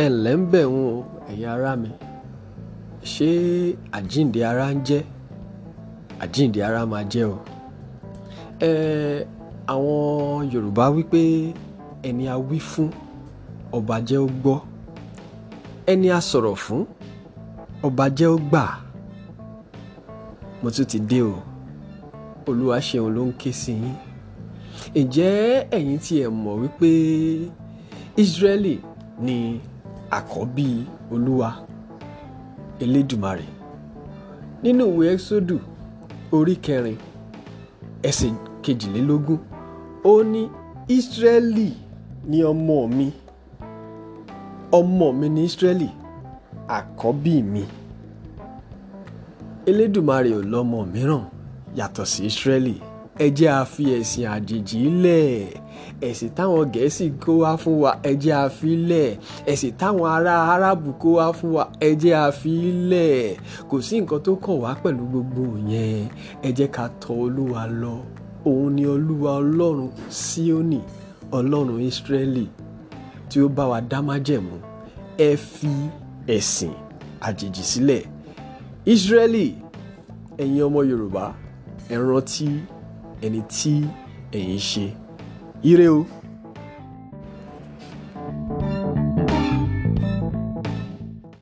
ẹ ǹlẹ́ ń bẹ̀ wọ́n o ẹ̀yin ará mi ṣé àjíǹde ara ń jẹ́ àjíǹde ara máa jẹ́ o ẹ àwọn Yorùbá wípé ẹni a wí fún ọba jẹ́ ó gbọ́ ẹni a sọ̀rọ̀ fún ọba jẹ́ ó gbà mo tún ti dé o olúwa ṣeun ló ń ké sí yín ǹjẹ́ ẹ̀yin tí ẹ mọ̀ wípé Ísírẹ́lì ni àkọ́bí olúwa elédùmarè nínú ìwé ẹ́sọ́dù orí kẹrin ẹsẹ̀ kejìlélógún ó ní ìsírẹ́lì ni ọmọ mi ọmọ mi ni ìsírẹ́lì àkọ́bí mi elédùmarè ò lọ́mọ mìíràn yàtọ̀ sí ìsírẹ́lì ẹ jẹ́ a fi ẹ̀sìn àjèjì lẹ̀ ẹ̀sìn táwọn gẹ̀ẹ́sì kó wá fún wa ẹ jẹ́ a fi lẹ̀ ẹ̀sìn táwọn ará arábù kó wá fún wa ẹ jẹ́ a fi lẹ̀ kò sí nǹkan tó kàn wá pẹ̀lú gbogbo yẹn ẹ ká tọ̀ olúwa lọ òun ni olúwa ọlọ́run síónì ọlọ́run ìsírẹ́lì tí ó bá wa dá májẹ̀mú ẹ fi ẹ̀sìn àjèjì sílẹ̀ ìsírẹ́lì ẹ̀yin ọmọ yorùbá ẹ rántí ẹni tí ẹ̀yin ṣe. ireu